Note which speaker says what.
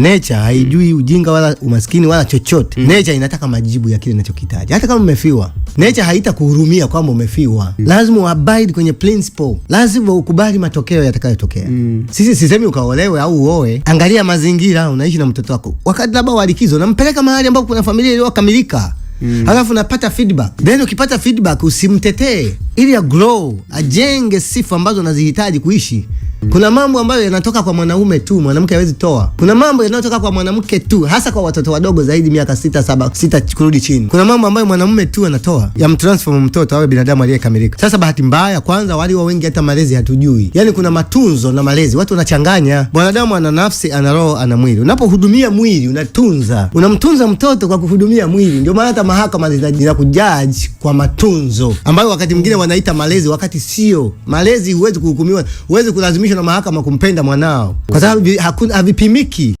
Speaker 1: nature haijui mm. ujinga wala umaskini wala chochote. Mm. Nature inataka majibu ya kile inachokitaji. Hata kama umefiwa, nature kuhurumia kwamba umefiwa. Mm. Lazima uabide kwenye principle, lazima ukubali matokeo yatakayotokea. Sisi sisemi ukaolewe au uoe, angalia mazingira unaishi na mtoto wako, wakati labda walikizo, nampeleka mahali ambapo kuna familia iliyokamilika, halafu unapata feedback then ukipata feedback usimtetee ili ya grow ajenge sifa ambazo anazihitaji kuishi. Kuna mambo ambayo yanatoka kwa mwanaume tu, mwanamke hawezi toa. Kuna mambo yanayotoka kwa mwanamke tu, hasa kwa watoto wadogo zaidi miaka sita, saba, sita kurudi chini. Kuna mambo ambayo mwanamume tu anatoa ya mtransform mtoto awe binadamu aliyekamilika. Sasa bahati mbaya, kwanza walio wengi hata malezi hatujui, yaani kuna matunzo na malezi, watu wanachanganya. Mwanadamu ana nafsi, ana roho, ana mwili. Unapohudumia mwili unatunza, unamtunza mtoto kwa kuhudumia mwili. Ndio maana hata mahakama zinakujaji kwa matunzo ambayo wakati mwingine wanaita malezi wakati sio malezi. Huwezi kuhukumiwa, huwezi kulazimishwa na mahakama kumpenda mwanao kwa sababu havipimiki.